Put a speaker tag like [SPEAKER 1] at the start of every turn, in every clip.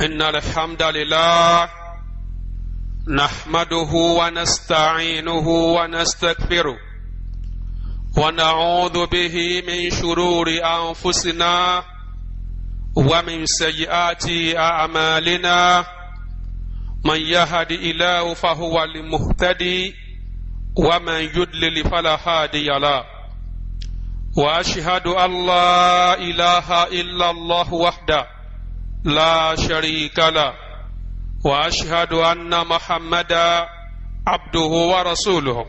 [SPEAKER 1] إن الحمد لله نحمده ونستعينه ونستكبره ونعوذ به من شرور أنفسنا ومن سيئات أعمالنا من يهد إله فهو المهتدي ومن يدلل فلا هادي له وأشهد أن لا إله إلا الله وحده لا شريك له واشهد ان محمدا عبده ورسوله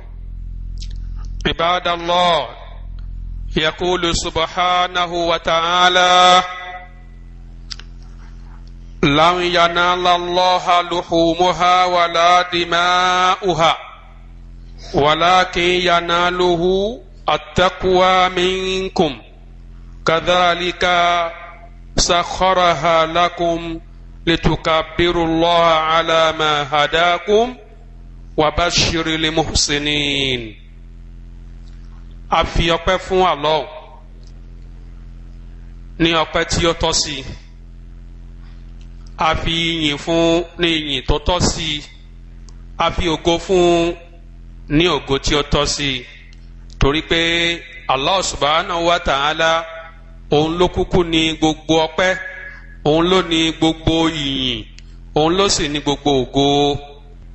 [SPEAKER 1] عباد الله يقول سبحانه وتعالى لن ينال الله لحومها ولا دماؤها ولكن يناله التقوى منكم كذلك سخرها لكم لتكبروا الله على ما هداكم وبشر المحسنين àfi ọpẹ́ fún Allah ní ọpẹ́ tí ó tọ́ sí àfi ìyìn fún ní ìyìn tó tọ́ sí àfi ògo fún ní ògo tí ó tọ́ sí torí pé Allah subhanahu wa ta'ala. òun ló kúkú n'i gbogbo ọpẹ́ òun ló n'i gbogbo ìyìn òun ló sì n'i gbogbo ògo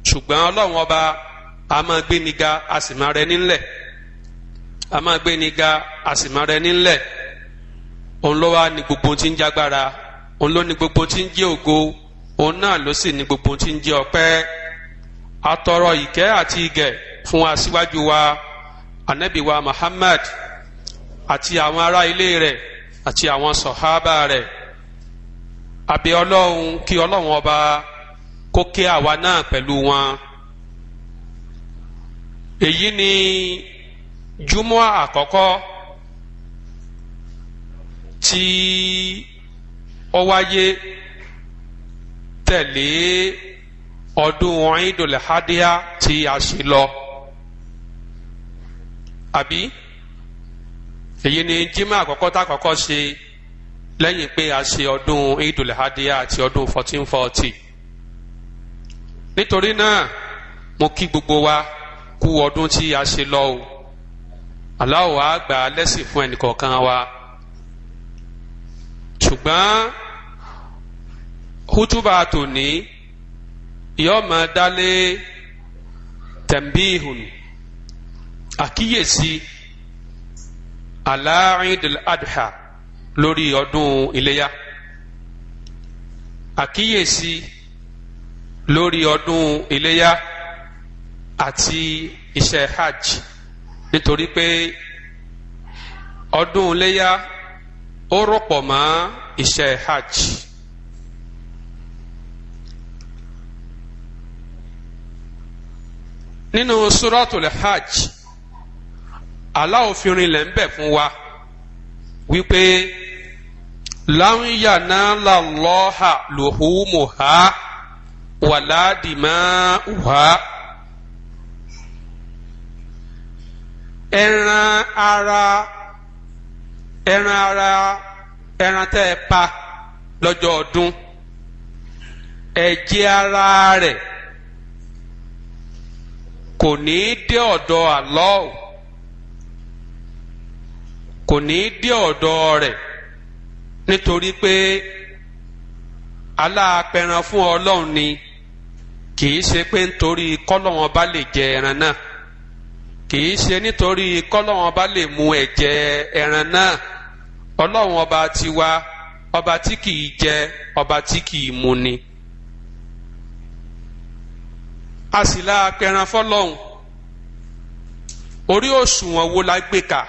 [SPEAKER 1] ṣùgbọ́n ọlọ́run ọba a máa gbé ni ga a sì máa rẹ nílẹ̀ a máa gbé ni ga a sì máa rẹ nílẹ̀ òun ló wá ní gbogbo tí ń jágbára òun ló ní gbogbo tí ń jẹ́ ògo òun náà ló sì ní gbogbo tí ń jẹ́ ọpẹ́ atọrọ ìkẹ́ àti ìgẹ̀ fún aṣíwájú wa anabiwa Muhammad àti àwọn ará ilé rẹ̀ àti àwọn sọ̀hábà rẹ̀ àbí ọlọ́run kí ọlọ́run ọba kó kí àwa náà pẹ̀lú wọn. èyí ni júmọ́ àkọ́kọ́ tí ó wáyé tẹ̀lé ọdún Eidul Hadiya tí a ṣe lọ àbí èyí ni jimá àkọ́kọ́ tá àkọ́kọ́ ṣe lẹ́yìn pé a ṣe ọdún Eidul Hadiya àti ọdún fourteen forty nítorí náà mo kí gbogbo wa kú ọdún tí a ṣe lọ o Allah á gbà lẹ́sìn fún ẹnìkọ̀ọ̀kan wa ṣùgbọ́n hútùbà tòní yóò máa dálé tẹ̀m̀bíhùn àkíyèsí alaidil adha lórí ọdún iléyá àkíyèsí lórí ọdún iléyá àti iṣẹ́ hajj nítorí pé ọdún iléyá ó rọ̀pọ̀ mọ́ iṣẹ́ hajj. nínú suratul hajj. Allah òfin rinlẹ̀ ń bẹ̀ fún wa wípé láwùyà náà là lọ́hà lòhùmù ha wàládìmá wà. ẹran ara ẹran ara ẹran tẹ́ ẹ pa lọ́jọ́ ọdún ẹ̀jẹ̀ ara rẹ̀ kò ní í dé ọ̀dọ̀ Allah kò ní í dé ọ̀dọ̀ rẹ̀ nítorí pé aláàpẹran fún ọlọ́run ni kì í ṣe pé nítorí kọ́lọ́wọ́n bá lè jẹ ẹran náà kì í ṣe nítorí kọ́lọ́wọ́n bá lè mu ẹ̀jẹ̀ ẹran náà ọlọ́run ọba tiwa ọba tí kì í jẹ ọba tí kì í mu ni a sì la apẹran orí òṣùwọ̀n wo la gbé kà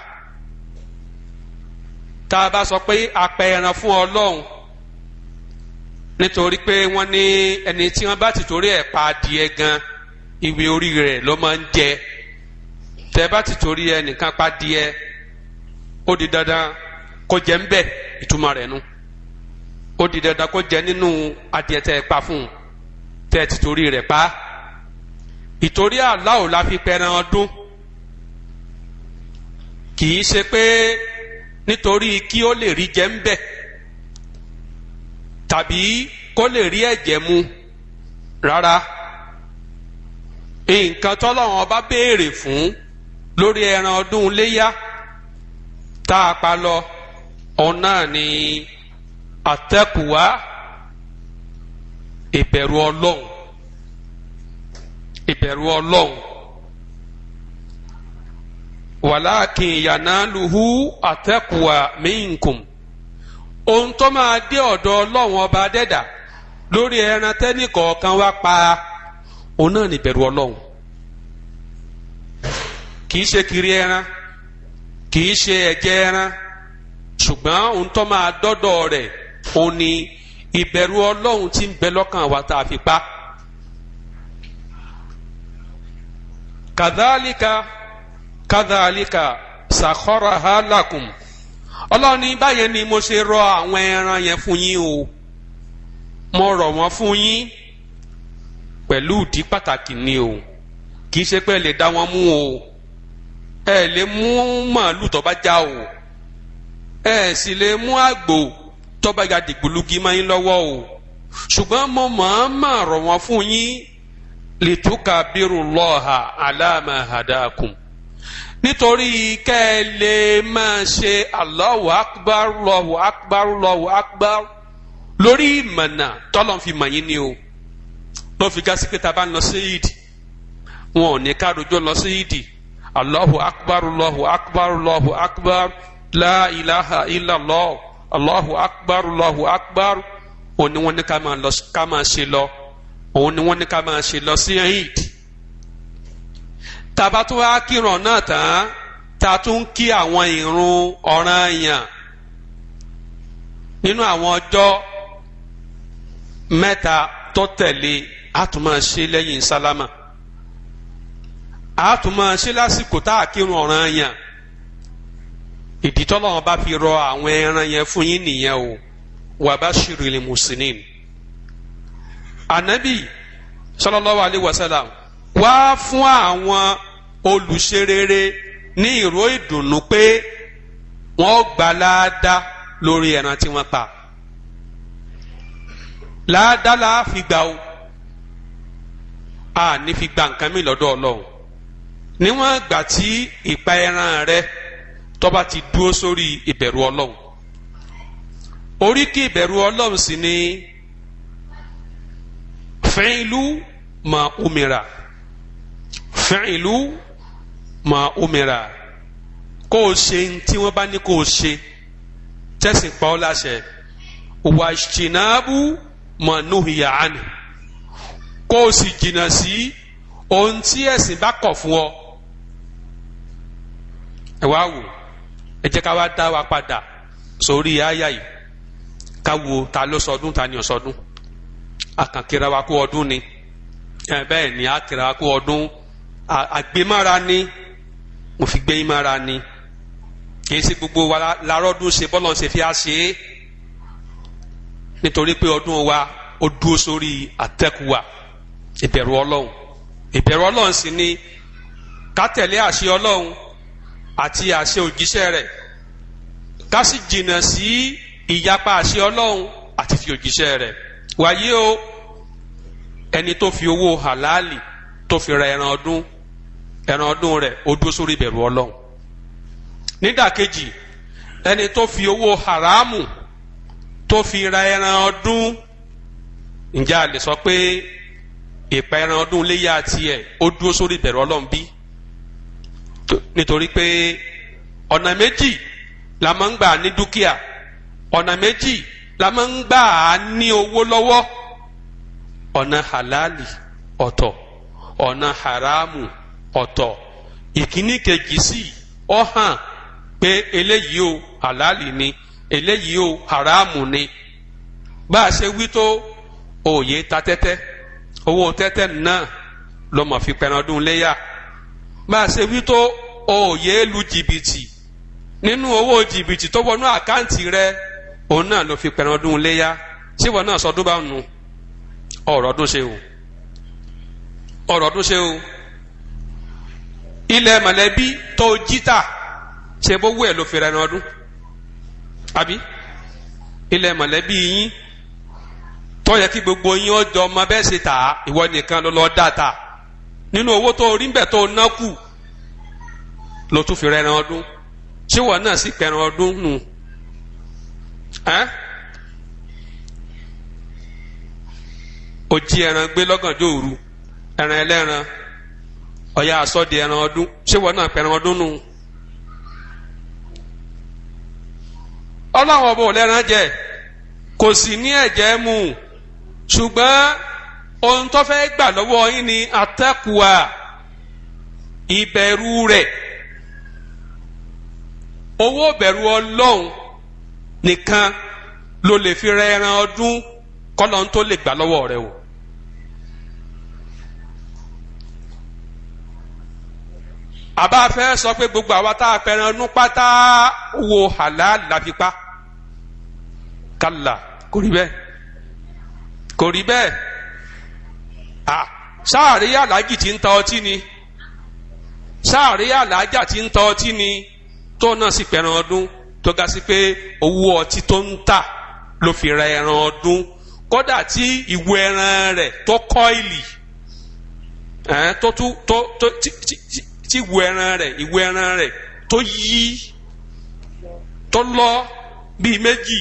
[SPEAKER 1] tá a bá sọ pé apẹ ẹran fún ọlọ́run nítorí pé wọ́n ní ẹni tí wọ́n bá ti torí ẹ̀ pa adìẹ gan ìwé orí rẹ̀ ló máa ń jẹ tẹ́ bá ti torí ẹnìkan pa adìẹ ó di dandan kó jẹ ń ìtumọ̀ rẹ̀ nu ó di dandan kó jẹ nínú adìẹ tẹ́ ẹ pa fún un tẹ́ ẹ ti torí rẹ̀ pa ìtorí àláò la fi pẹran ọdún kì í ṣe pé nítorí kí ó lè rí jẹ ń bẹ tàbí kó lè rí ẹ̀jẹ̀ mu rárá nǹkan tọ́lọ́run ọba béèrè fún lórí ẹran ọdún léyà tá a pa lọ òun náà ni àtẹ́kùwá ìbẹ̀rù ọlọ́run ìbẹ̀rù ọlọ́run. wàláàkì yanaluhu àtẹ́kùwà minkum ohun tó máa dé ọ̀dọ̀ ọlọ́run ọba dẹ́dà lórí ẹran tẹ́nì kọ̀ọ̀kan wá pa òun náà níbẹ̀rù ọlọ́run ṣe kiri ẹran kìí ṣe ẹ̀jẹ̀ ẹran ṣùgbọ́n ohun tó máa dọ́dọ̀ rẹ̀ òun ni ìbẹ̀rù ọlọ́run ń bẹ lọ́kàn wa kadhalika sakharaha lakum ọlọ́run ní báyẹn ni mo ṣe rọ àwọn ẹran yẹn fún yín o mo rọ̀ wọ́n fún yín pẹ̀lú ìdí pàtàkì ni o kì í ṣe pé ẹ lè dá wọn mú o ẹ lè mú màálù tó bá já o ẹ sì lè mú àgbò tó bá ya dìgbòlugi máa ń lọ́wọ́ o ṣùgbọ́n mo màámà rọ̀ wọ́n fún yín litukabiru Allaha ala ma hadakum nítorí kẹ́ ẹ lè máa ṣe Allahu akbar Allahu akbar Allahu akbar lórí ìmọ̀nà tọ́lọ̀ fi mọ̀ yín ni o lọ́ fi gásí pé tá a bá ń lọ sí ìdì wọn ò ní ká rojọ́ lọ sí ìdì Allahu akbar Allahu akbar Allahu akbar la ilaha illallah akbar Allahu akbar òun ni wọ́n ní ká máa ṣe lọ òun ni wọ́n ní ká máa ṣe lọ sí ìdì tàbá tó wá kírun náà tán ta tún kí àwọn ìrun ọ̀ranyàn nínú àwọn ọjọ́ mẹ́ta tó tẹ̀lé a tún máa ṣe lẹ́yìn sálámà a tún máa ṣe lásìkò tá a kírun ọ̀ranyàn ìdí tọ́lọ́run bá fi rọ àwọn ẹran yẹn fún yín nìyẹn o wabashiril muslimin ànábì sallallahu alaihi wasallam wá fún àwọn olùṣe rere ní ìró ìdùnnú pé wọ́n gbà láàdá lórí ẹran tí wọ́n pa láàdá la fi gbà o a ní fi gba nǹkan mi lọ́dọ̀ Ọlọ́run níwọ̀n gbà tí ìpa ẹran rẹ tó ti dúró sórí ìbẹ̀rù Ọlọ́run oríkì ìbẹ̀rù Ọlọ́run sì ni fẹ́ẹ́lú mà omira fẹ́ẹ̀lú mà omira kó o ṣe tí wọ́n bá ní kó o ṣe tẹ̀sí pa ọ́ láṣẹ wàṣìnàbù mà nuhiya ani kó o sì jìnnà sí ohun tí ẹ̀sìn bá kọ̀ fún ọ ẹ wá wò ẹ jẹ́ ká wá dá wa padà sórí àyà yìí ká wo ta ló sọdún ta ni ò sọdún àkànkìra wa kú ọdún ni ẹ bẹ́ẹ̀ ni àkìra wa kú ọdún àgbémára ni mo fi gbé ìmára ni kì í ṣe gbogbo wa larọ́dún ṣe bọ́lọ̀ ṣe fi á ṣe é nítorí pé ọdún wa ó dúró sórí àtẹ́kùwà ìbẹ̀rù ọlọ́run ìbẹ̀rù ọlọ́run sì ni ká tẹ̀lé àṣẹ ọlọ́run àti àṣẹ òjíṣẹ́ rẹ̀ ká sì jìnnà sí ìyapa àṣẹ ọlọ́run àti fi òjíṣẹ́ rẹ̀ wáyé o ẹni tó fi owó hàlálì tó fi ra ẹran ọdún ẹran ọdún rẹ o dúró sórí ìbẹ̀rù ọlọ́run nídàkejì ẹni tó fi owó haramu tó fi ra ẹran ọdún ǹjẹ́ a lè sọ pé ìpa ẹran ọdún léyà tiẹ̀ ó dúró sórí ìbẹ̀rù ọlọ́run bí nítorí pé ọ̀nà méjì la máa ń gbà ní dúkìá ọ̀nà méjì la máa ń gbà ní owó lọ́wọ́ ọ̀nà halali ọ̀tọ̀ ọ̀nà haramu ọ̀tọ̀ ìkíní kejì sí ọ hàn pé eléyìí o àlálì ni eléyìí o haramu ni bá a ṣe wí tó òye ta tẹ́tẹ́ owó tẹ́tẹ́ náà lọ́mọ fi pẹ̀rọ̀dún léyà bá a ṣe wí tó òye lu jìbìtì nínú owó jìbìtì tó wọnú àkáǹtì rẹ òun náà ló fi pẹ̀rọ̀dún léyà tí wọn náà sọdún bá nù ọ̀rọ̀ ọdún ṣe o ọ̀rọ̀ ọdún ṣe o ilẹ̀ mọ̀lẹ́bí tó jítà ṣe bó wú ẹ̀ ló fẹ́ra ẹni ọdún àbí ilẹ̀ mọ̀lẹ́bí yín tó yẹ kí gbogbo yín ó jọ ọmọ bẹ́ẹ̀ ṣe tà á ìwọ nìkan ló lọ́ọ́ dà tà nínú owó tó rí bẹ́ẹ̀ tó ná kù ló tún fi rẹ́ran ọdún ṣé wọ́n náà sì pẹ̀ràn ọdún nù ẹ́ ó ẹran gbé lọ́gànjọ́ òru ẹran ẹlẹ́ran. ọ̀yà asọdụ ẹran ọdún ṣe wọn náà pẹ̀ràn ọdún nù. ọlọ́run jẹ kò sì ní ẹ̀jẹ̀ mu ṣùgbọ́n ohun tó fẹ́ gbà lọ́wọ́ yín ni atẹ́kùwà ìbẹ̀rù rẹ̀ owó bẹ̀rù ọlọ́run nìkan ló lè fi ẹran ọdún kọ́lọ́n gbà lọ́wọ́ rẹ o. àbá fẹ́ sọ pé gbogbo àwa tá a pẹran nú pátá wo halal láfipá kálá kò rí bẹ́ẹ̀ kò rí bẹ́ẹ̀ à sáàrí aláàjì tí ń ta ọtí ni sáàrí aláàjà tí ń ta ọtí ni tó náà sì pẹran ọdún tó ga sí pé owó ọtí tó ń tà ló fi ra ẹran ọdún kódà tí ìwo ẹran rẹ̀ tó kọ́ ìlì ẹ̀ tó tún tó tó tí tí tí tí ìwé ẹran rẹ̀ ìwé ẹran rẹ̀ tó yí tó lọ bíi méjì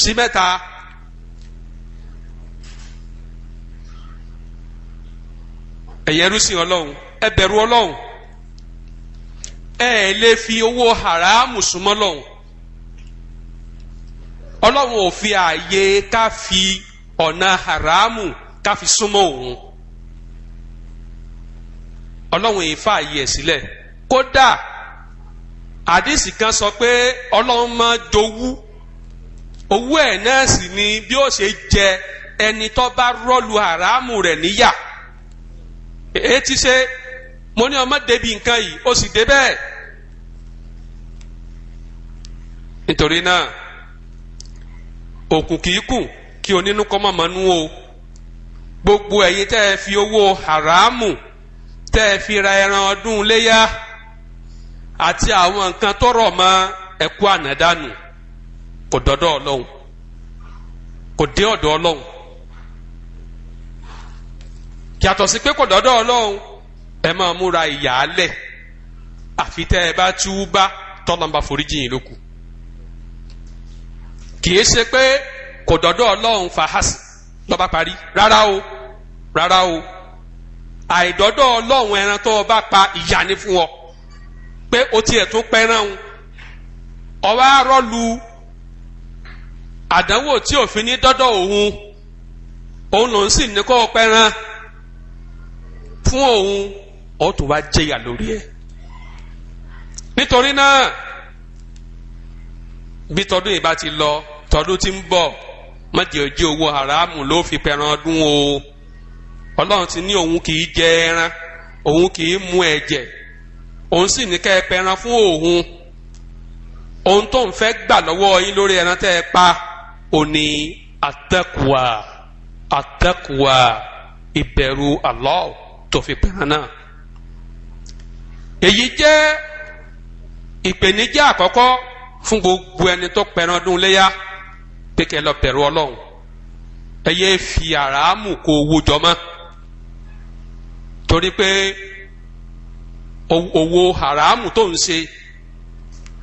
[SPEAKER 1] sí mẹ́ta. ẹ̀yẹ́rú sìn ọlọ́run ẹ bẹ̀rù ọlọ́run ẹ lè fi owó haramu súnmọ́ lọ́hùn ọlọ́run ò fi ààyè ká fi ọ̀nà haramu ká fi súnmọ́ òun. ọlọ́run yìí fààyè ẹ̀ sílẹ̀ kódà àdìsí kan sọ pé ọlọ́run máa jowú owó ẹ̀ náà sì ni bí ó ṣe jẹ ẹni tó bá rọ́ọ̀lù àràmù rẹ̀ níyà èyí ti ṣe mo ní ọmọ débi nǹkan yìí ó sì dé bẹ́ẹ̀ nítorí náà òkùn kìí kù kí onínú mọ̀mọ́nú o gbogbo ẹ̀yin tẹ́ ẹ fi owó haramu. tẹ́ ẹ fi ra ẹran ọdún léyà àti àwọn nǹkan tọrọ mọ́ ẹ̀kú ànádànù kò dọ́dọ̀ ọlọ́run kò dé ọ̀dọ̀ ọlọ́run yàtọ̀ sí pé kò dọ́dọ̀ ọlọ́run ẹ máa múra ìyàálẹ̀ àfi tẹ́ ẹ bá túbá tọ́lọ́mbà foríjì yín lókù kìí ṣe pé kò dọ́dọ̀ ọlọ́run fàhásì lọ́ba parí rárá o rárá o. àìdọ́dọ̀ ọlọ́run ẹran tó o bá pa ìyà ni fún ọ pé o tiẹ̀ tún pẹ́ràn o ọwọ́ arọ́lu àdánwò tí òfin ní dọ́dọ̀ òun òun lòún sì ní kó o pẹ́ràn fún òun ó tún wá jẹyà lórí ẹ nítorí náà bí tọdún yìí bá ti lọ tọdún tí ń bọ̀ má jẹ́ ojú owó haramu ló fi pẹran ọdún o ọlọ́run ti ní òun kì í jẹ ẹran òun kì í mu ẹ̀jẹ̀ òun sì ní kẹ́ ẹ pẹran fún òun ohun tó ń fẹ́ gbà lọ́wọ́ yín lórí ẹran tẹ́ ẹ pa òní àtẹ́kùwà àtẹ́kùwà ìbẹ̀rù Allah tó fi pẹran náà èyí jẹ́ ìpèníjà àkọ́kọ́ fún gbogbo ẹni tó pẹran ọdún léyà pé kẹ́ ẹ lọ bẹ̀rù ọlọ́run ẹ yéé fi àràámù kó owó jọ mọ́. torí pé owó haramu tó ń ṣe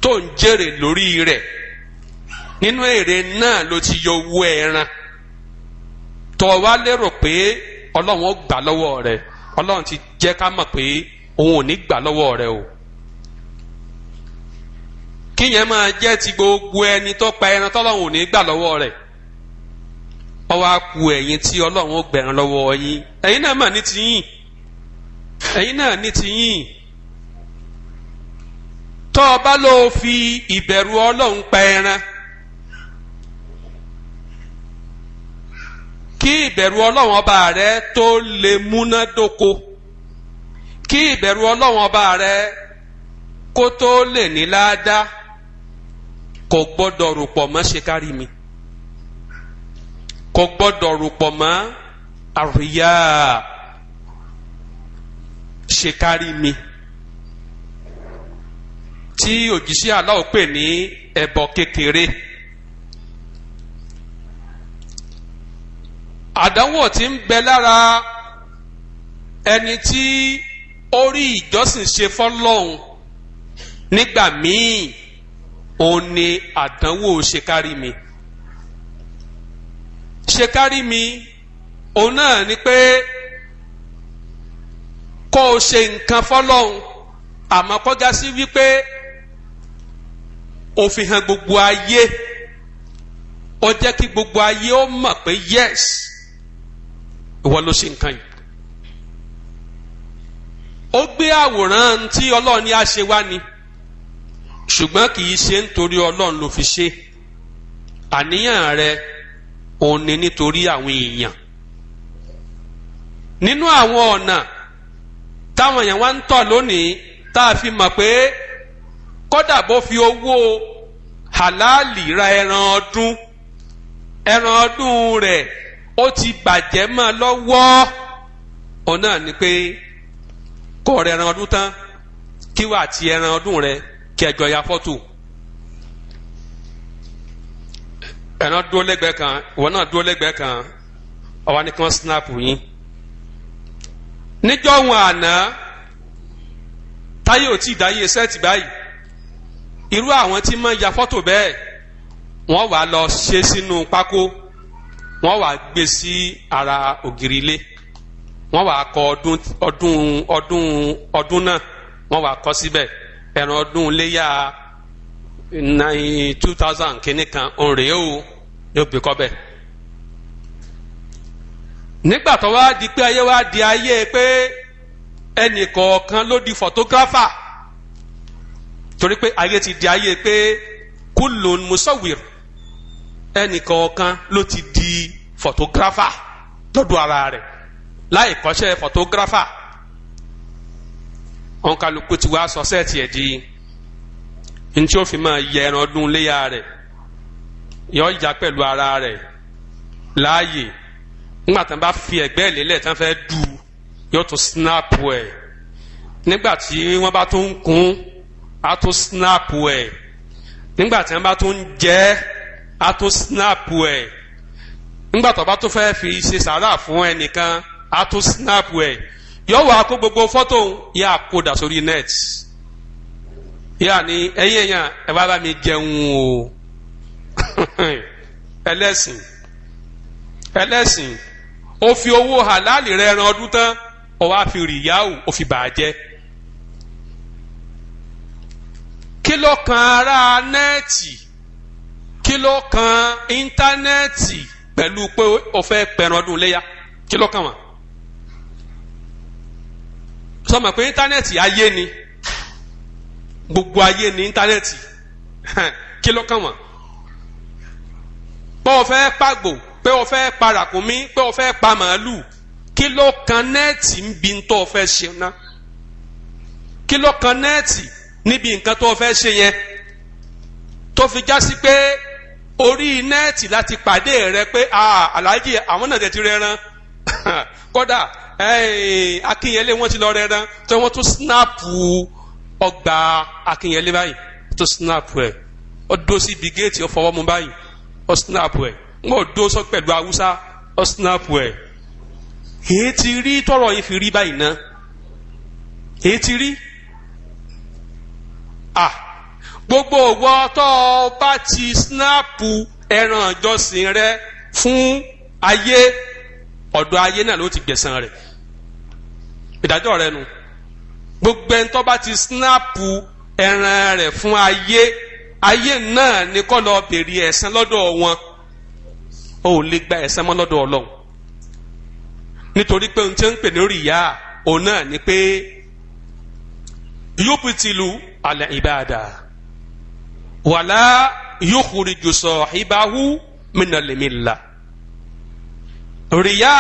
[SPEAKER 1] tó ń jèrè lórí rẹ nínú èrè náà ló ti yọ owó ẹran tó wá lérò pé ọlọ́run ó gbà lọ́wọ́ rẹ ọlọ́run ti jẹ́ ká mọ̀ pé òun ò ní gbà lọ́wọ́ o jẹ́ ti gbogbo ẹni tó pa ẹran tọ́lọ́run ò ní gbà lọ́wọ́ ku tí ọlọ́run ó gbẹ̀ràn lọ́wọ́ yín náà mà ẹ̀yin náà ní tiyín tó o bá lọ fi ìbẹ̀rù ọlọ́run pa ẹran kí ìbẹ̀rù ọlọ́run ọba rẹ tó lè múnádóko kí ìbẹ̀rù ọlọ́run ọba rẹ kó tó lè ní ládàá kò gbọ́dọ̀ rò pọ̀ mọ́ ṣe kárí mi kò gbọ́dọ̀ rò pọ̀ mọ́ àríyá ṣe kárí mi tí òjíṣẹ́ aláwọ̀ pè ní ẹbọ kékeré àdánwò tí ń bẹ lára ẹni tí ó rí ìjọsìn ṣe fọ́lọ́hun nígbà míì òun ni àdánwò ṣe kárí mi ṣe kárí mi òun náà ni pé. kó o ṣe nǹkan fọlọ́hún àmọ́ kọjá sí wípé òfin hàn gbogbo ayé ó jẹ́ kí gbogbo ayé ó mọ̀ pé yes ìwọ ló ṣe nǹkan yìí ó gbé àwòrán tí ọlọ́run ní àṣewá ni ṣùgbọ́n kì í ṣe nítorí ọlọ́run ló fi ṣe àníyàn rẹ òun ni nítorí àwọn èèyàn nínú àwọn ọ̀nà. táwọn èèyàn wá ń tọ̀ lónìí tá a fi mọ̀ pé kódà bó fi owó ra ẹran ọdún ẹran ọdún rẹ̀ ó ti bàjẹ́ mọ́ lọ́wọ́ òun náà ni pé ẹran ọdún tán kí wàá ẹran ọdún rẹ kí ẹjọ ya fọ́tò ẹran dúró lẹ́gbẹ̀ẹ́ kan ìwọ náà dúró lẹ́gbẹ̀ẹ́ kan ọwọ́ snap yín. níjọ́ wọn àná táyé ò tí ì dáyé sẹ́ẹ̀tì báyìí irú àwọn tí máa ń ya fọ́tò bẹ́ẹ̀ wọ́n wàá lọ ṣe sínú pákó wọ́n wàá gbé sí ara ògiri ilé wọ́n wàá kọ ọdún ọdún ọdún ọdún náà wọ́n wàá kọ síbẹ̀ ẹ̀ràn ọdún léyà nine two thousand kìíní kan òǹrè o yóò gbé kọ́ bẹ́ẹ̀ nígbà tó wá di pé ayé wá di ayé pé ẹnì kọ̀ọ̀kan ló di photographer torí pé ayé ti di ayé pé kulun musawir ẹnì kọ̀ọ̀kan ló ti di photographer lọ́dọ̀ ara rẹ̀ láì kọ́ṣẹ́ photographer ònkàlùkù ti wá sọ sẹ́ẹ̀tì ẹ̀ di ntí ó fi máa yẹ ẹran ọdún léyà rẹ̀ yọ ìjà pẹ̀lú ara rẹ̀ láàyè nígbà tí wọ́n bá fi ẹ̀gbẹ́ lélẹ̀ tí wọ́n fẹ́ dù yóò tún snap ẹ̀ nígbà tí wọ́n bá tún kún á tún snap ẹ̀ nígbà tí wọ́n bá tún ń á tún snap ẹ̀ nígbà tó bá tún fẹ́ fi ṣe sàrà fún ẹnìkan á tún snap ẹ̀ yóò wá kó gbogbo fọ́tò yà kó dà sórí net yà ni ẹ̀yin èèyàn ẹ bá bá mi jẹun o ẹlẹ́sìn ẹlẹ́sìn ó fi owó halali rẹ ran ọdún tán ó wá fi rìyáwó ó fi bàjẹ́ kí ló kan ará nẹ́ẹ̀tì kí ló kan íńtánẹ́ẹ̀tì pẹ̀lú pé o fẹ́ pẹ̀ràn ọdún léyà kí ló kan wọn. sọmọ pé íńtánẹ́ẹ̀tì ayé ni gbogbo ayé ni íńtánẹ́ẹ̀tì kí kan wọn. bọ́ọ̀ fẹ́ pàgbò pé o fẹ́ pa ràkúnmí pé o fẹ́ pa màálù kí ló kan nẹ́ẹ̀tì níbi tó o fẹ́ ṣe ná kí ló kan nẹ́ẹ̀tì níbi nǹkan tó o fẹ́ ṣe yẹn tó fi já sí pé orí nẹ́ẹ̀tì láti pàdé rẹ pé aláàjì àwọn náà tẹ̀tí rẹran kódà akínyẹlé wọn ti lọ rẹran tí wọn tún sínáàpù ọgbà akínyẹlé báyìí tó sínáàpù ẹ ó dó géètì ó báyìí ó sínáàpù ẹ n ò dó sọ pẹ̀lú haúsá ọ snap ẹ̀ èyí ti rí tọrọ yìí fi rí báyìí ná èyí ti rí à gbogbo ògbọ́ tó o bá ti snap ẹran ìjọsìn rẹ fún ayé ọ̀dọ̀ ayé náà ló ti gbẹ̀san rẹ̀ ìdájọ́ rẹ nu gbogbo ẹni tó ti snap ẹran rẹ̀ fún ayé ayé náà ni kó lọ béèrè ẹ̀san wọn o ò lè gba ẹ̀san mọ́ lọ́dọ̀ ọlọ́run nítorí pé ohun tí ń pè lórí ìyá òun náà ni pé yóò ti lu àlẹ́ ìbáàdà wàlá yóò kúri jù sọ ìbáwú mìnàlémìlà rìyá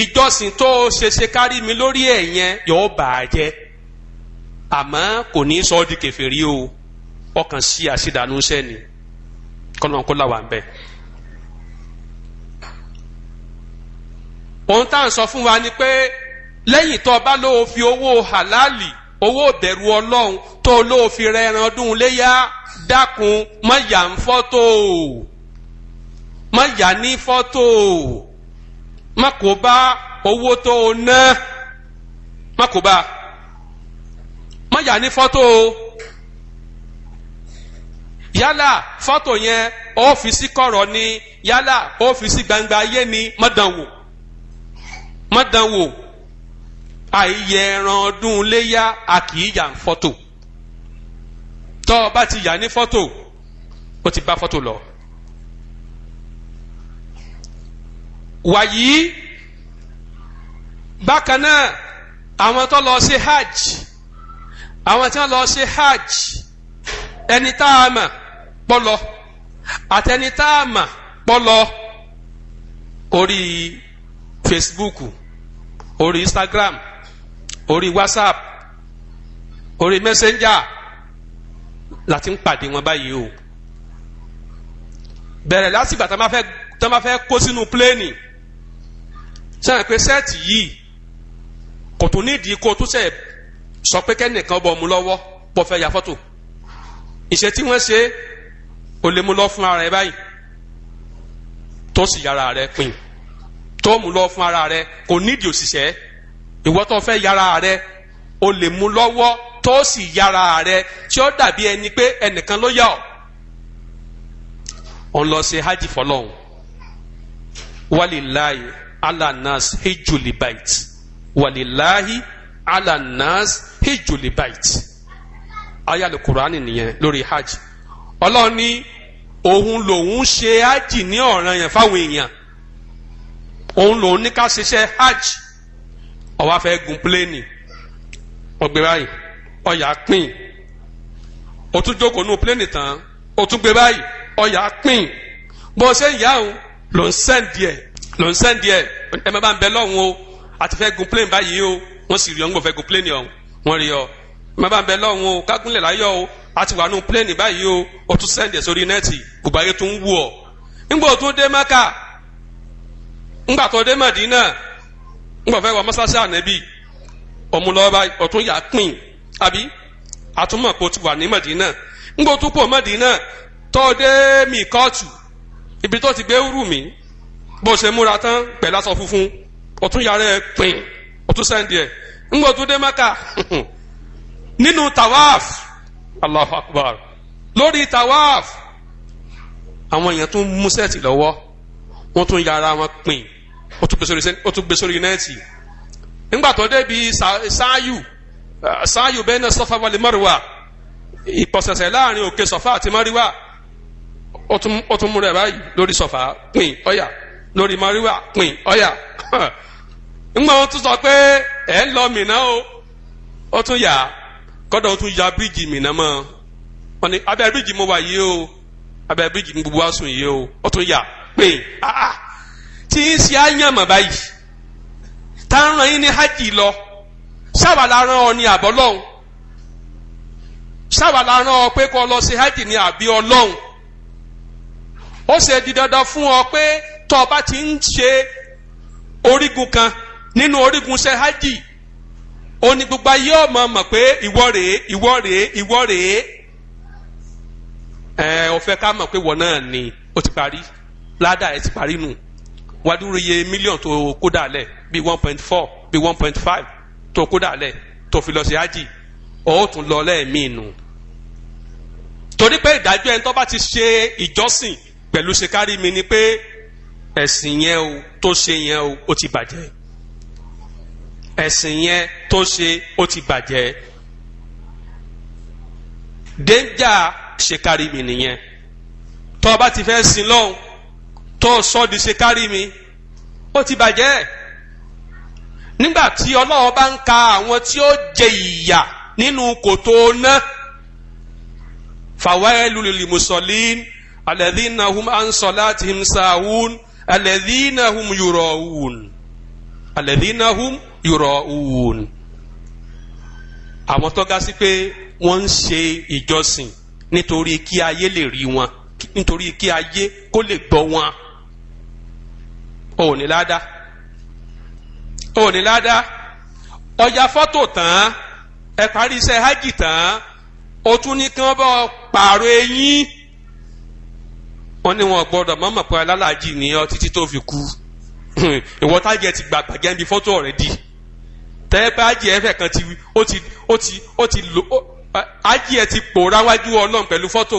[SPEAKER 1] ìjọsìn tó ṣeṣe kárí mi lórí ẹ̀ yẹn yóò bàjẹ́ àmọ́ kò ní sọ ọ́ di kèfèrí o ọkàn sí àṣìdánú sẹ́ni kọ́nà wà ń bẹ́ẹ̀. ohun tá à ń sọ fún wa ni pé lẹ́yìn tó o bá fi owó halali owó bẹ̀rù ọlọ́run tó o fi rẹ ẹran ọdún léyà dákun má yà ń fọ́tò má yà ní fọ́tò má kó bá owó tó o ná má kó bá má yà ní fọ́tò yálà fọ́tò yẹn ó fi sí kọ̀rọ̀ ni yálà ó fi sí gbangba ayé ni má mọ́dánwò àìyẹ ẹran ọdún léyà a kì í yà ń fọ́tò tọ́ ọ bá ti yà ní fọ́tò ó ti bá fọ́tò lọ. wàyí bákan náà àwọn tó lọ ṣe hajj àwọn tí wọ́n lọ ṣe hajj ẹni tá a mà pọlọ àtẹni tá a mà pọlọ orí facebook orí instagram orí whatsapp orí messenger la ti ń pàdé wọn báyìí o bẹ̀rẹ̀ lásìgbà tá a máa fẹ́ kó sínú pléènì sẹ́yìn pé sẹ́ẹ̀tì yìí kò tún nídìí kó tún sẹ́ẹ̀ sọ pé kẹ́nìkan bọ̀ mú lọ́wọ́ pọ̀ fẹ́ ya fọ́tò ìṣe tí wọ́n ṣe ó lè mú lọ fún ara rẹ báyìí tó sì yára rẹ pin tó mú lọ fún ara rẹ kò nídìí òṣìṣẹ́ ìwọ tó fẹ́ yára rẹ o lè mú lọ́wọ́ tó sì yára rẹ tí ó dàbí ẹni pé ẹnìkan ló yá ọ. ò ń lọ ṣe hajj fọlọ́hún wàlíláyì alanas hijulibait wàlíláyì alanas hijulibait ayálò kùránì nìyẹn lórí hajj ọlọ́run òun lòun ṣe hajj ní ọ̀ranyàn fáwọn èèyàn òun lòun ní ká ṣiṣẹ́ hajj ó wá fẹ́ gun pléènì ó gbé báyìí ó yá pín ó tún jókòó nù pléènì tán ó tún gbé báyìí ó pín bó ṣe ń yá òun ló ń sẹ́ǹdì ẹ̀ ló ń sẹ́ǹdì ẹ̀ ẹ má bá ń bẹ lọ́hùn o àti fẹ́ gun pléènì báyìí o wọ́n sì rí ọ́n gbọ́ fẹ́ gun pléènì ọ̀hún wọ́n rí ọ́ ẹ má bá ń bẹ lọ́hùn o kágúnlẹ̀ láyọ̀ o àti wà nù pléènì báyìí o ó tún sẹ́ǹdì ẹ̀ sórí nẹ́ẹ̀tì gbogbo ayé tún wù ọ́ nígbà tó dé Mákà ńgbà tó dé Mẹdínà ńgbà fẹ́ wọ ọ̀tún yà pín àbí àtúmọ̀ wà ní mi ibi tó ti gbé rù mi bó ṣe múra tán pẹ̀lú aṣọ funfun ọ̀tún yàrá ẹ̀ pín ọ̀tún tawaf Allahu Akbar lórí tawaf àwọn èèyàn tún mú sẹ́ẹ̀tì lọ́wọ́ wọ́n tún ó tún gbé sórí nẹ́ẹ̀tì nígbà tó débi sáyù sáyù bẹ́ẹ̀ náà sọ́fà wal Marwa ìpọ̀sẹ̀sẹ̀ láàrin òkè sọ́fà àti Marwa ó tún mú rẹ̀ báyìí lórí sọ́fà pin ọ̀yà lórí Marwa pin ọ̀yà nígbà wọn tún sọ pé ẹ̀ ń lọ Mìnà o ó tún yà kọ́dọ̀ ó tún ya bíríìjì Mìnà mọ́ wọn ni abẹ́ bíríìjì mo wà yìí o abẹ́ bíríìjì mo gbogbo wa sùn yìí o ó tún yà pin ah ah. tí ń ṣe àyànmọ̀ báyìí tá ń ran yín ní hajj lọ ṣáwa la ran ọ ní àbọ̀ lọ́hùn ṣáwa la ran ọ pé kó lọ ṣe hajj ní àbí ọlọ́hùn ó ṣe di dandan fún ọ pé tó o bá ti ń ṣe orígun kan nínú orígun ṣe hajj ó ní gbogbo ayé ọmọ mọ̀ pé ìwọ rèé ìwọ rèé ìwọ rèé ẹ ó fẹ́ ká mọ̀ pé wọ náà ni ó ti parí ládàá ẹ ti parí nù. wàdúró iye mílíọ̀n tó kó dàlẹ̀ bíi one point four bíi one point five tó kó dàlẹ̀ tó fi lọ sí ájì ó tún lọ lẹ́ẹ̀mí nù. torí pé ìdájọ́ ẹni tó bá ti ṣe ìjọsìn pẹ̀lú ṣe kárí mi ni pé ẹ̀sìn yẹn o tó ṣe yẹn o ó ti bàjẹ́ ẹ̀sìn yẹn tó ṣe ó ti bàjẹ́ dẹ́njà ṣe mi nìyẹn tó o bá ti fẹ́ sin lọ́hùn tó sọ di ṣe kárí mi ó ti bàjẹ́ nígbà tí Ọlọ́run bá ń ka àwọn tí ó jẹ ìyà nínú kòtò náà fawailu lil musallin alladhina hum an salatihim sahun alladhina hum yura'un alladhina hum yura'un àwọn tó ga sí pé wọ́n ń ṣe ìjọsìn nítorí kí ayé lè rí wọn nítorí kí ayé kó lè gbọ́ wọn ò ní ládàá ò ní ládàá ó ya fọ́tò tán ẹ parí iṣẹ́ hajj tán o tún ní kí wọ́n bá pààrọ̀ eyín wọ́n ní wọn gbọ́dọ̀ mọ́mọ́ pé alálàájì ni ọ títí tó fi kú ìwọ tájẹ ti gbàgbà gẹ́gẹ́ bí fọ́tò ọ̀rẹ́dì tẹ́lẹ̀ pé ájì ẹ̀fẹ̀ kan ti ó ti ó ti ó ti lò ájì ẹ̀ ti pòórá wájú ọlọ́run pẹ̀lú fọ́tò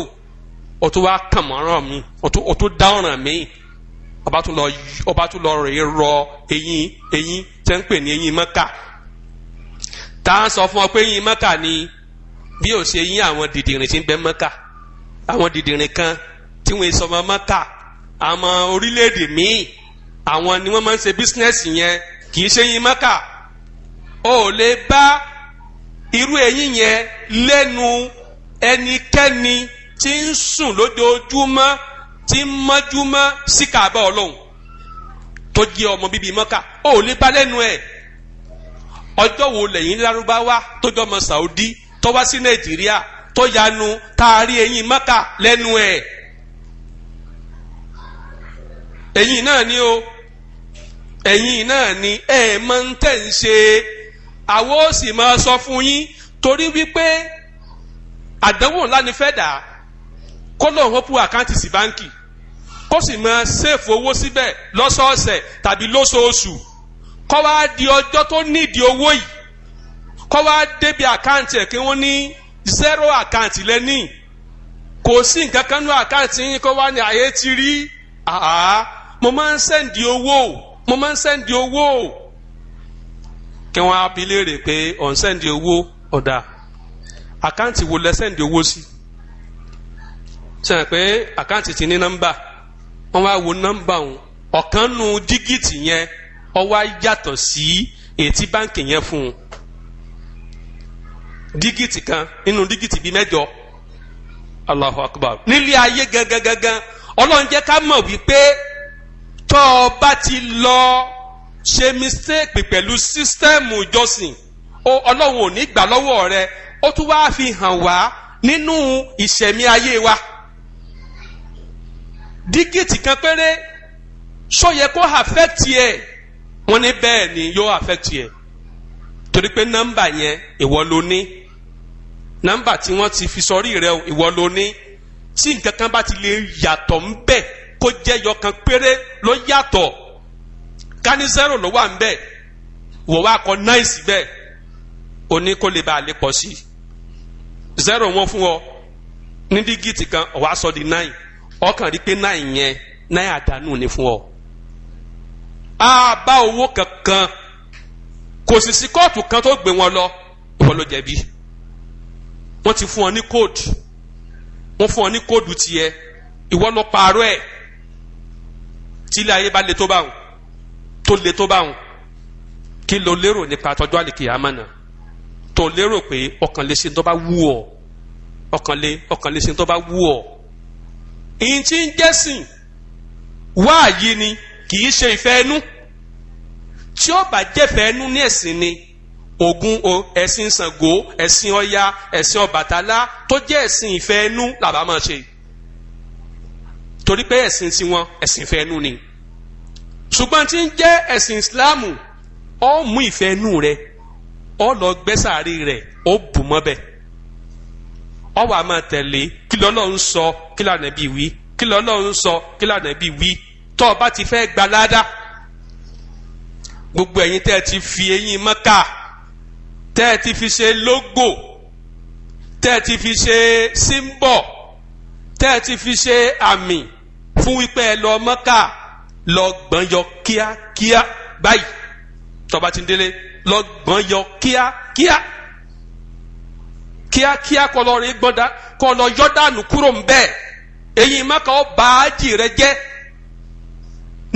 [SPEAKER 1] ó tún wá kàn mọ́ràn mi ó tún dá ọ̀ràn mi ọba tún lọ ọba tún lọ rèé rọ eyín eyín tẹ́ ń pè ní eyín mọ́kà tá à ń sọ fún ọ pé eyín mọ́kà ni bí ò ṣe eyín àwọn dìdìrìn tí ń bẹ mọ́kà àwọn dìdìrìn kan tí wọ́n sọ ọmọ mọ́kà àwọn orílẹ̀-èdè míì àwọn ni wọ́n máa ń ṣe bísínẹ́sì yẹn kì í ṣe eyín mọ́kà o ò lè bá irú eyín yẹn lẹ́nu ẹnikẹ́ni tí ń sùn lójoojúmọ́ tí ń mọ́júmọ́ sí kàbá ọlọ́run tó jẹ́ ọmọ bíbí mọ́kà ó lè bá lẹ́nu ẹ̀ ọjọ́ wo lẹ́yìn lárúbáwá tó jọ ọmọ Saudi tó wá sí Nàìjíríà tó yanu taari ẹ̀yìn mọ́kà lẹ́nu ẹ̀ ẹ̀yìn náà ni o ẹ̀yìn náà ni ẹ̀ máa ń tẹ̀ ń ṣe àwọn sì máa sọ fún yín torí wípé àdánwò ńlá ni fẹ́ dà kó lóun ó àkáǹtì sí báńkì kó sì máa ṣèfò owó síbẹ̀ lọ́sọ̀ọ̀sẹ̀ tàbí lóṣooṣù kó wá di ọjọ́ tó nídìí owó yìí kó wá débi àkáǹtì ẹ̀ kí wọ́n ní zero àkáǹtì lẹ́nìí kò sí nǹkan kan nínú àkáǹtì yín kó wá ní àyè ti rí àá mo máa ń sẹ́ǹdì owó mo máa ń sẹ́ǹdì owó kí wọ́n á bi léèrè pé ọ̀ sẹ́ǹdì owó ọ̀dà àkáǹtì wo lẹ sẹ́ǹdì owó sí sẹ́ǹdì pé àkáǹtì ti ní nọ́mbà wọ́n wá wo nọ́mbà òun ọ̀kan nu dígìtì yẹn ó wá yàtọ̀ sí ètí báǹkì yẹn fún un dígìtì kan nínú dígìtì bíi mẹ́jọ Allahu Akbar nílé ayé gangan gangan Ọlọ́run jẹ́ ká mọ̀ wípé tọ́ ọ bá ti lọ ṣe mistake pẹ̀lú sísítẹ́ẹ̀mù ìjọsìn Ọlọ́run ò ní gbà lọ́wọ́ rẹ ó tún wá fi hàn wá nínú ìṣẹ̀mí ayé wa dígìtì kan péré ṣó yẹ kó àfẹ́tì ẹ̀ wọ́n ní bẹ́ẹ̀ ni yóò àfẹ́tì ẹ̀ torí pé nọ́mbà yẹn ìwọ ló ní nọ́mbà tí wọ́n ti fi sọrí rẹ ìwọ ló ní tí nǹkan kan bá ti lè yàtọ̀ ń bẹ̀ kó jẹ́ yọkan péré ló yàtọ̀ kání zero ló wà ń bẹ̀ wò wá kọ náìsì bẹ́ẹ̀ oní kó lè ba àlè pọ̀ sí zero wọn fún ọ ní dígìtì kan ó wá sọ di nine ọkàn rí pé náà yẹn náà àdánù ni fún ọ. a bá owó kankan kò sì sí kóòtù kan tó gbé wọn lọ ìwọ ló jẹ̀bi wọ́n ti fún ọ ní kóòdù wọ́n fún ọ ní kóòdù tiẹ̀ ìwọ ló pààrọ̀ ẹ̀ tílé ayé bá le tó báwọn tó le tó báwọn kí lo lérò nípa àtọ́jú àlìkìyàmọ́ náà tó lérò pé ọkàn lè ṣe tó bá wù ọ́ ọkàn lè ọkàn lè ṣe tó bá wù ọ́ ìyìn tí ń jẹ́sìn wáàyí ni kì í ṣe ìfẹ́ ẹnu tí ó bá jẹ́fẹ́ ẹnu ní ẹ̀sìn ni Ògún o ẹ̀sìn Ṣàngó ẹ̀sìn Ọya ẹ̀sìn Ọbàtálá tó jẹ́ ẹ̀sìn ìfẹ́ ẹnu làbá máa ṣe torí pé ẹ̀sìn tiwọn ẹ̀sìn ìfẹ́ ẹnu ni ṣùgbọ́n tí ń jẹ́ ẹ̀sìn Ìsìláàmù ó mú ìfẹ́ ẹnu rẹ̀ ó lọ gbẹ́sàárì rẹ̀ ó bù mọ́bẹ̀ ọ wà máa tẹ̀lé kí lọ́lọ́run sọ kí lànà bí wí kí lọ́lọ́run sọ kí lànà bí wí tọ́ ọ bá ti fẹ́ gba ládá gbogbo ẹ̀yin tẹ́ ẹ ti fi eyín mọ́kà tẹ́ ẹ ti fi ṣe lógò tẹ́ ẹ ti fi ṣe símbọ̀ tẹ́ ẹ ti fi ṣe àmì fún wípé ẹ lọ mọ́kà lọ gbọ́n yọ kíákíá báyìí tọ́ba ti délé lọ gbọ́n yọ kíákíá. Kíá. kíá kíákíá kọ́ lọ rí kọlọ kọ́ kúrò ń bẹ́ẹ̀ èyí mọ́kà ó rẹ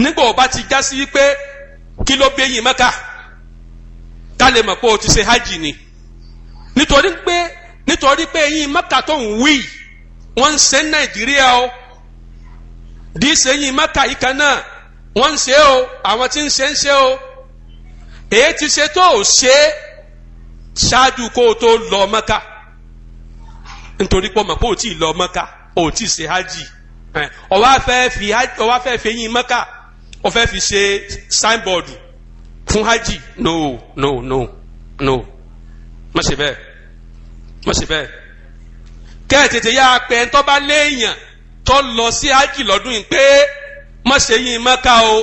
[SPEAKER 1] nígbà ti já sí wípé kí ló bí èyí mọ́kà ká mọ̀ pé o ti ṣe hajj ni nítorí pé nítorí pé èyí mọ́kà tó ń wí o díìsì èyí mọ́kà yìí kan náà wọ́n ń ṣe o àwọn tí ń ṣe o èyí ti ṣe tó o ṣe ṣáájú kó nítorí pé ọmọ pé ò tí ì lọ mọ́kà ò tí ì ṣe hajj ó wá fẹ́ fi hajj ó ó fẹ́ fi ṣe signboard fún hajj no no no no má ṣe bẹ́ẹ̀ má ṣe bẹ́ẹ̀ kẹ́ ẹ̀ tètè yá apẹ̀ tó bá léèyàn tó lọ sí hajj lọ́dún yìí pé má ṣe eyín mọ́kà o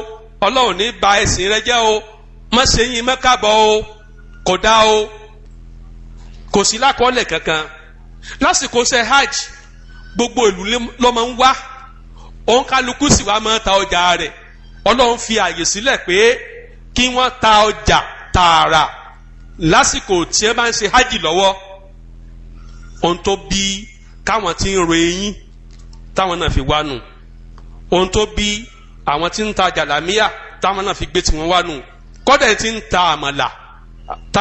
[SPEAKER 1] ọlọ́run ní ba ẹ̀sìn rẹ jẹ́ o má ṣe eyín mọ́kà bọ̀ o kò dá o kò sí lákọọ́lẹ̀ kankan lásìkò ṣe hajj gbogbo ìlú lọ́mọ ń wá òun kálukú sì wá máa ta ọjà rẹ̀ ọlọ́run fi àyè sílẹ̀ pé kí wọ́n ta ọjà tààrà lásìkò tí ẹ bá ń ṣe hajj lọ́wọ́ ohun tó bí káwọn tí ń ro eyín táwọn náà fi wá nù ohun tó bí àwọn tí ń ta jàlámíà táwọn náà fi gbé tiwọn wá nù kọ́dà tí ń ta àmàlà tá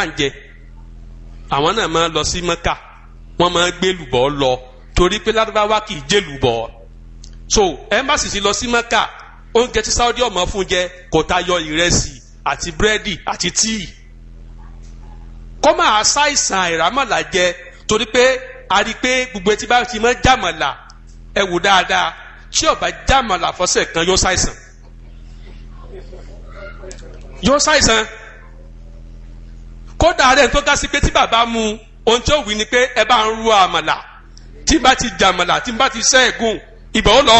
[SPEAKER 1] àwọn náà máa lọ sí mẹ́kà. Si wọ́n máa gbé lùbọ́ lọ torí pé lárúbáwá kì í jẹ lùbọ́ so embassy ti lọ sí mẹ́kà oúnjẹ tí saudi ọmọ fún jẹ kò tayọ ìrẹsì àti búrẹ́dì àti tíì kọ́ máa ṣàìsàn àìrámọ̀là jẹ torí pé a rí i pé gbogbo etí bá ti mọ́ jàmọ̀là ẹ wò dáadáa tí ó jàmọ̀là fọ́sẹ̀ kan yóò ṣàìsàn yóò ṣàìsàn kódà rẹ̀ tó ga sí pé tí bàbá mu ohun tí ó wí ni pé ẹ bá ń ru àmàlà tí bá ti jàmàlà tí bá ti sẹ́ ẹ̀gùn ó lọ.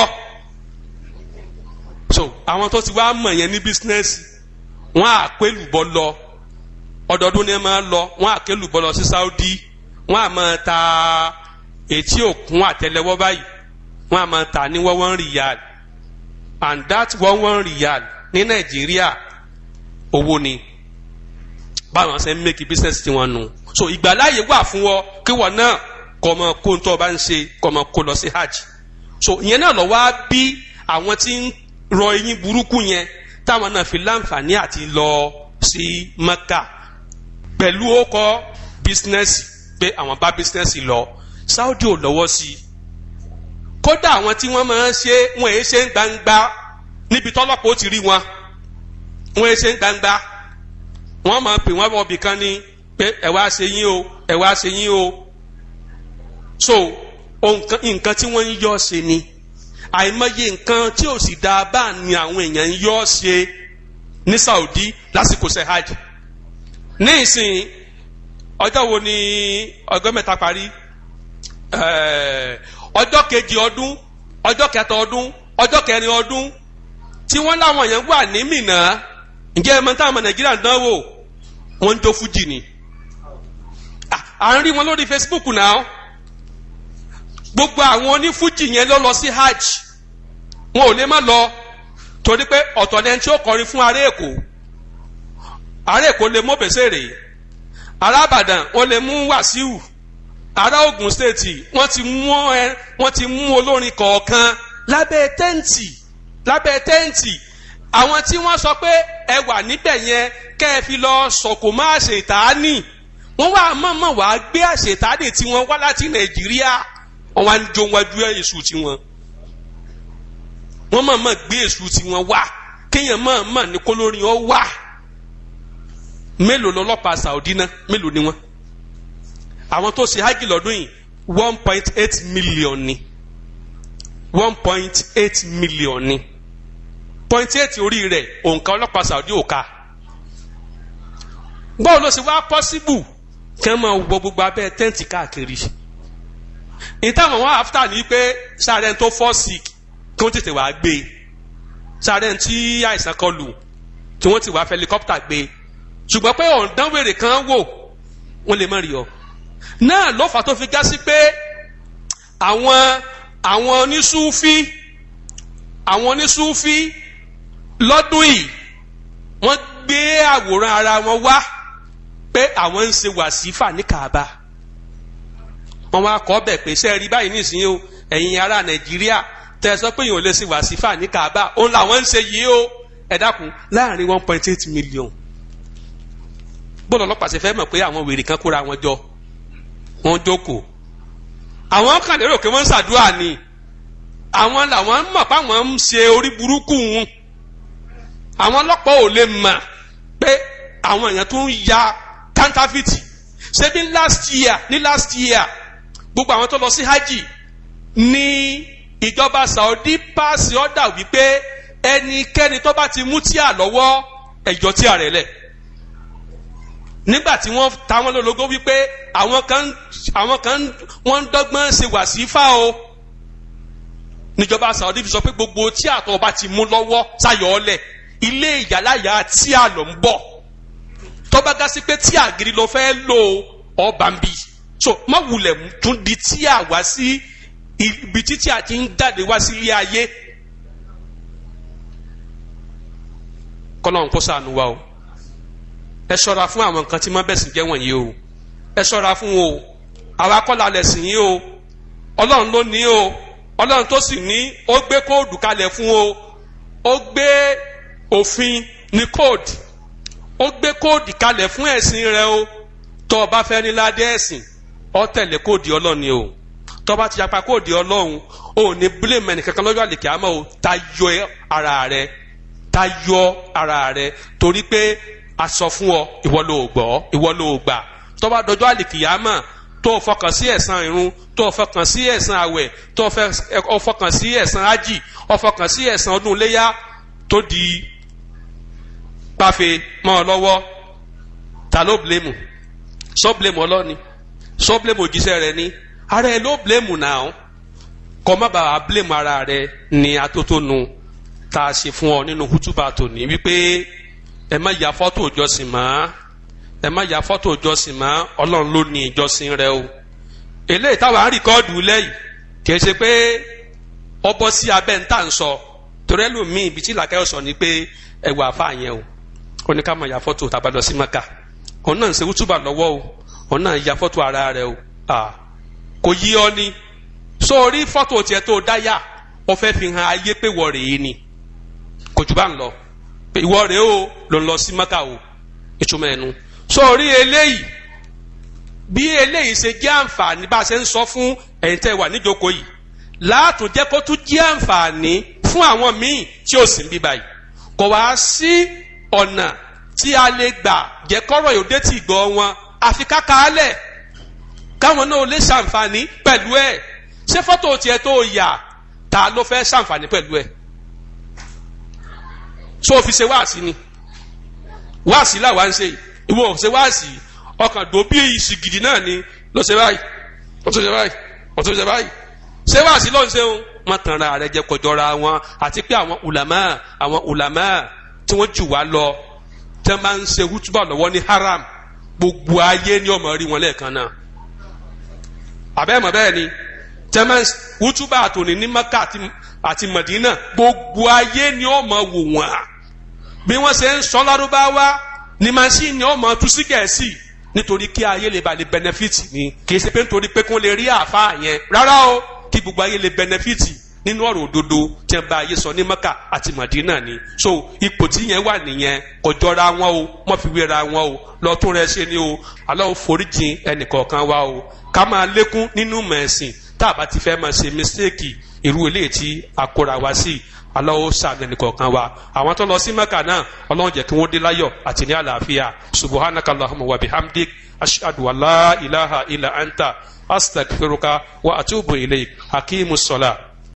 [SPEAKER 1] so àwọn tó ti wá mọ̀ yẹn ní bísínẹ́sì wọ́n á pé lùbọ́ lọ ọdọọdún ni ẹ máa lọ wọ́n á pé lùbọ́ lọ sí Saudi wọ́n á máa ta etí òkun àtẹlẹwọ́ báyìí wọ́n á máa ta ní wọ́n wọ́n rìyàl and that wọ́n wọ́n rìyàl ní Nàìjíríà owó ni báwọn ṣe ń mẹ́kì bísínẹ́sì tí wọ́n nu. No so ìgbàláyè wà fún ọ kí wọn náà kọ ọmọ kó ń tọ́ ọ bá ń ṣe kọ ọmọ kó lọ sí hajj so ìyẹn náà lọ wá bí àwọn tí ń rọ eyín burúkú yẹn táwọn náà fi láǹfààní àti lọ sí Mẹ́kà pẹ̀lú ọkọ̀ bísínẹ́sì pé àwọn bá bísínẹ́sì lọ Saudi ò lọ́wọ́ sí i kódà àwọn tí wọ́n máa ń ṣe wọ́n èé ṣe ń gbangba níbi tọ́lọ́pàá ó ti rí wọn wọ́n èé ṣe ń gbangba wọ́n máa pè wọ́n bọ̀ bìkan ní pé ẹ wá ṣe yín o ẹ wá ṣe yín o so nǹkan tí wọ́n ń yọ ṣe ni àìmọye nǹkan tí ò sì dáa bá ní àwọn èèyàn ń yọ ṣe ní Saudi lásìkò sehaj ní ìsìn ọjọ́ wo ni ọgọ́ mẹ́ta parí ọjọ́ kejì ọdún ọjọ́ kẹta ọdún ọjọ́ kẹrin ọdún tí wọ́n láwọn èèyàn wà ní Mínà ǹjẹ́ ẹ mọ̀ táwọn ọmọ Nàìjíríà ń dánwò wọ́n ń jó fújì ni. à ń rí wọn lórí Facebook náà gbogbo àwọn onífújì yẹn ló lọ sí hajj wọn ò lè má lọ torí pé ọ̀tọ̀ ni ẹni tí ó kọrin fún ará èkó ará èkó lè mú bẹ̀sẹ̀rẹ̀ ará àbàdàn wọn lè mú wàsíù ará Ògùn stéètì wọ́n ti mú ẹ wọ́n ti mú olórin kọ̀ọ̀kan lábẹ́ tẹ́ǹtì lábẹ́ tẹ́ǹtì àwọn tí wọ́n sọ pé ẹ wà níbẹ̀ yẹn kẹ́ ẹ fi lọ sọ̀kò má ṣe tàá wọ́n wá mọ̀mọ́ wàá gbé àṣetádé tí wọ́n wá láti nàìjíríà wọ́n wá ń jó wájú èṣù tiwọn wọ́n mọ̀mọ́ gbé èṣù tiwọn wá kéèyàn mọ̀mọ́ ní kólórin ọ wá mélòó lọ́lọ́pàá Saudi náà mélòó ni wọ́n àwọn tó ṣe hágì lọ́dún yìí one point eight million ni one point eight million ni point eight orí rẹ̀ òǹkà ọlọ́pàá Saudi ò ka ló ṣe wá pọ́síbù kí wọ́n máa wọ gbogbo abẹ́ tẹ́ǹtì káàkiri ìtàwọn wọn àfúta ní pé sáré tó fọ́ sí kí wọ́n tètè wàá gbé sáré tí àìsàn kan lù tí wọ́n ti wàá fẹ́ helicopter gbé ṣùgbọ́n pé ọ̀ǹdánwèrè kan wò wọ́n lè má rí ọ náà ló tó fi gá sí pé àwọn àwọn onísúfí àwọn onísúfí lọ́dún yìí wọ́n gbé àwòrán ara wọn wá pé àwọn ń ṣe wàsífà ní Kaaba wọn wá kọ́ bẹ̀ pé sẹ́ẹ̀rí báyìí nísìnyí o ẹ̀yin ará Nàìjíríà tẹ́ ẹ sọ pé èèyàn lè ṣe wàsífà ní Kaaba òun làwọn ń ṣe yìí o ẹ dákun láàrin one point eight million gbọ́dọ̀ ọlọ́pàá ṣe fẹ́ mọ̀ pé àwọn wèrè kan kóra wọn jọ wọn jókòó àwọn kan lérò pé wọ́n ń ṣàdúrà ni àwọn làwọn mọ̀ pé àwọn ń ṣe orí burúkú wọn àwọn ọlọ́pàá ò lè mọ̀ pé àwọn èèyàn tó ń ya counterfeit ṣé ní last year ní last year gbogbo àwọn tó lọ sí hajj ní ìjọba Saudi pass order wípé ẹnikẹ́ni tó bá ti mú tíà lọ́wọ́ ẹ̀jọ́ tíà rẹ̀ lẹ̀ nígbà tí wọ́n ta wọ́n wípé àwọn kan wọ́n ń dọ́gbọ́n ṣe wàsífà o níjọba Saudi fi sọ pé gbogbo tíà tó bá ti mú lọ́wọ́ sáyọ̀ ọ́ lẹ̀ ilé ìyàláyà tíà ló ń bọ̀ tọ́ba gasi pé tí àgìrì ló fẹ́ lò ọba ń so má wulẹ̀ tún di tí a wá sí ibi títí àti ń jáde wá sí ilé ayé kọ́lọ́n kó sànù wa o ẹ ṣọ́ra fún àwọn nǹkan tí má bẹ̀sìn jẹ́ wọ̀nyí o ẹ ṣọ́ra fún o àwa kọ́ la lẹ̀sìn yìí o ọlọ́run ló ní o ọlọ́run tó sì ní ó gbé kóòdù kalẹ̀ fún o ó gbé òfin ní kóòdù ó gbé kóòdì kalẹ̀ fún ẹ̀sìn rẹ o tó o bá fẹ́ ní ládé ẹ̀sìn ọ tẹ̀lé kóòdì ọlọ́run ni o tó o bá ti yapa kóòdì ọlọ́run o ò ní blame ẹnì kankan lọ́jọ́ àlèkè àmọ́ o ta yọ ara rẹ ta yọ ara rẹ torí pé a sọ fún ọ ìwọ ló gbọ́ ìwọ ló gbà tó o bá dọjọ́ àlèkè àmọ́ tó o fọkàn sí ẹ̀san irun tó o fọkàn sí ẹ̀san àwẹ̀ tó o fọkàn sí ẹ̀san ájì o fọkàn sí ẹ̀san ọdún iléyà tó di gbáfe mọ́ ọ lọ́wọ́ ta ló blame sọ blame ọlọ́ni sọ blame òjíṣẹ́ rẹ ni ara ẹ ló blame náà kọ́ má bàa blame ara rẹ ni atótónu tá a ṣe fún ọ nínú hútùbà tòní wípé ẹ má ya fọ́tò ìjọsìn mọ́ ẹ má ya fọ́tò ìjọsìn mọ́ ọlọ́run ló ní ìjọsìn rẹ o eléyìí táwọn àríkọ́ọ̀dù lẹ́yìn kì ṣe pé ọbọ̀ sí abẹ́ ń sọ torí ẹlòmíì ibi tí ni pé ẹ wà fáà o ó ní ká máa ya fọ́tò tàbá lọ sí maka òun náà ń ṣe wútúbà lọ́wọ́ o òun náà ya fọ́tò ara rẹ o kò yí ọ ni sórí fọ́tò tiẹ̀ tó dáyà ó fẹ́ fi hàn ayé pé wọ́ rèé ni kò jù bá ń lọ pé ìwọ rèé o ló ń lọ sí maka o ìtumọ̀ ẹnu sórí eléyìí bí eléyìí ṣe jẹ́ àǹfààní bá a ṣe ń sọ fún ẹ̀yin tẹ́ wà níjókòó yìí láàtún jẹ́ kó tún jẹ́ àǹfààní fún àwọn míì tí ó sì ń bí báyìí kò wá sí ọ̀nà tí a lè gbà jẹ́ kọ́rọ̀ yóò dé tì gbọ́ wọn àfi káka alẹ̀ káwọn náà lè ṣàǹfààní pẹ̀lú ẹ̀ ṣé fọ́tò tiẹ̀ tó yà ta ló fẹ́ ṣàǹfààní pẹ̀lú ẹ̀ so òfin ṣe wáàsí ni wáàsí làwa ń ṣe ìwọ ṣe wáàsí ọkàn dò bí ìṣìgìdì náà ni lọ ṣe báyìí ọtún ṣe báyìí ọtún ṣe báyìí ṣé wáàsí lọ́n ṣe ń mọ̀tàn ra rẹ̀ wọn àti pé àwọn ulama àwọn ulama tí wọ́n jù wá lọ tí wọ́n máa ń ṣe hútúbà lọ́wọ́ ní haram gbogbo ayé ni ọmọ rí wọn lẹ́ẹ̀kan náà àbẹ́ẹ̀mọ̀ bẹ́ẹ̀ ni tí wọ́n máa ń hútúbà àtòní ní maka àti Madina gbogbo ayé ni ó máa wò wọ́n à bí wọ́n ṣe ń sọ lárúbáwá ni machine ó máa gẹ̀ẹ́sì nítorí kí ayé lè ba lè benefit ni kì í ṣe pé nítorí pé kí wọ́n lè rí àáfàá yẹn rárá o kí gbogbo ayé lè benefit nínú ọ̀rọ̀ òdodo tí wọ́n bá ayé sọ ní Mẹ́kà àti Màdínà ni so ipò tí yẹn wà nìyẹn kò jọra wọn o wọ́n fi wéra wọn o lọ́tún rẹ ṣe ni o aláwo foríjìn ẹnìkọ̀ọ̀kan wa o ká máa lékún nínú mẹ̀sìn tá a bá ti fẹ́ máa ṣe mistake irú eléyìí tí a kóra wa sí aláwo sàánú ẹnìkọ̀ọ̀kan wa àwọn tó lọ sí Mẹ́kà náà Ọlọ́run jẹ́ kí wọ́n dé láyọ̀ àti ní àlàáfíà subhanaka Allahumma wa wa atubu ilayk hakimu salat.